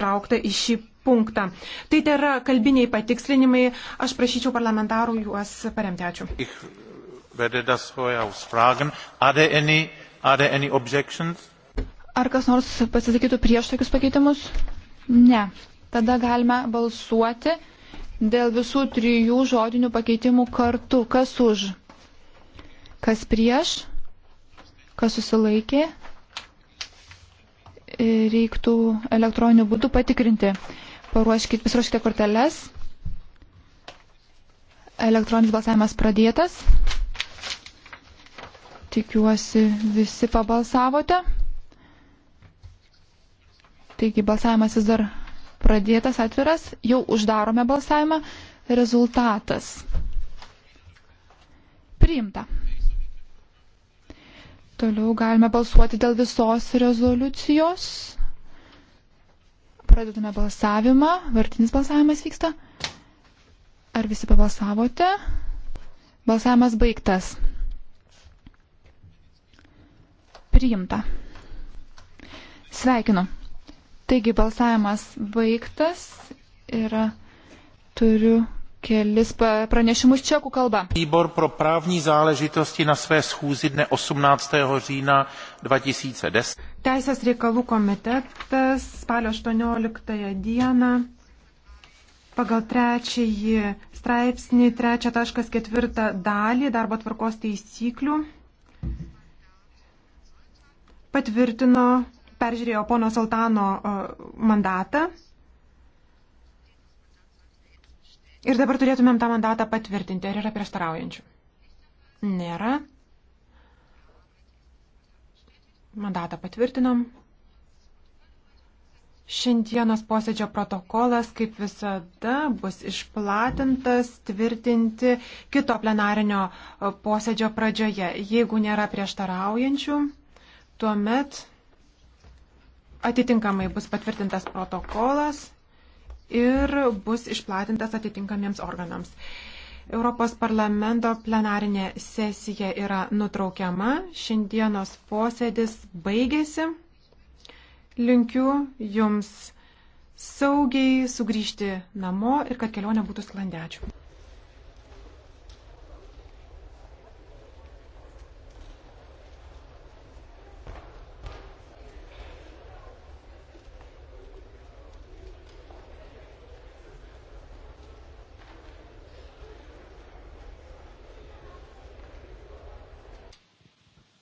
įtraukta į šį punktą. Tai tai yra kalbiniai patikslinimai. Aš prašyčiau parlamentarų juos paremti. Ačiū. Ar kas nors pasisakytų prieš tokius pakeitimus? Ne. Tada galime balsuoti dėl visų trijų žodinių pakeitimų kartu. Kas už? Kas prieš? Kas susilaikė? reiktų elektroniniu būdu patikrinti. Paruoškite, pasiruoškite korteles. Elektroninis balsavimas pradėtas. Tikiuosi, visi pabalsavote. Taigi balsavimas vis dar pradėtas, atviras. Jau uždarome balsavimą. Rezultatas. Priimta. Toliau galime balsuoti dėl visos rezoliucijos. Pradedame balsavimą. Vartinis balsavimas vyksta. Ar visi pabalsavote? Balsavimas baigtas. Priimta. Sveikinu. Taigi balsavimas baigtas ir turiu kelis pranešimus čekų kalba. Výbor pro právní záležitosti na své schůzi dne 18. října 2010. Teisės reikalų komitetas spalio 18 dieną pagal trečiąjį straipsnį 3.4 dalį darbo tvarkos taisyklių patvirtino, peržiūrėjo pono Saltano mandatą. Ir dabar turėtumėm tą mandatą patvirtinti. Ar yra prieštaraujančių? Nėra. Mandatą patvirtinom. Šiandienos posėdžio protokolas, kaip visada, bus išplatintas tvirtinti kito plenarinio posėdžio pradžioje. Jeigu nėra prieštaraujančių, tuomet atitinkamai bus patvirtintas protokolas ir bus išplatintas atitinkamiems organams. Europos parlamento plenarinė sesija yra nutraukiama. Šiandienos posėdis baigėsi. Linkiu Jums saugiai sugrįžti namo ir kad kelionė būtų sklandečių.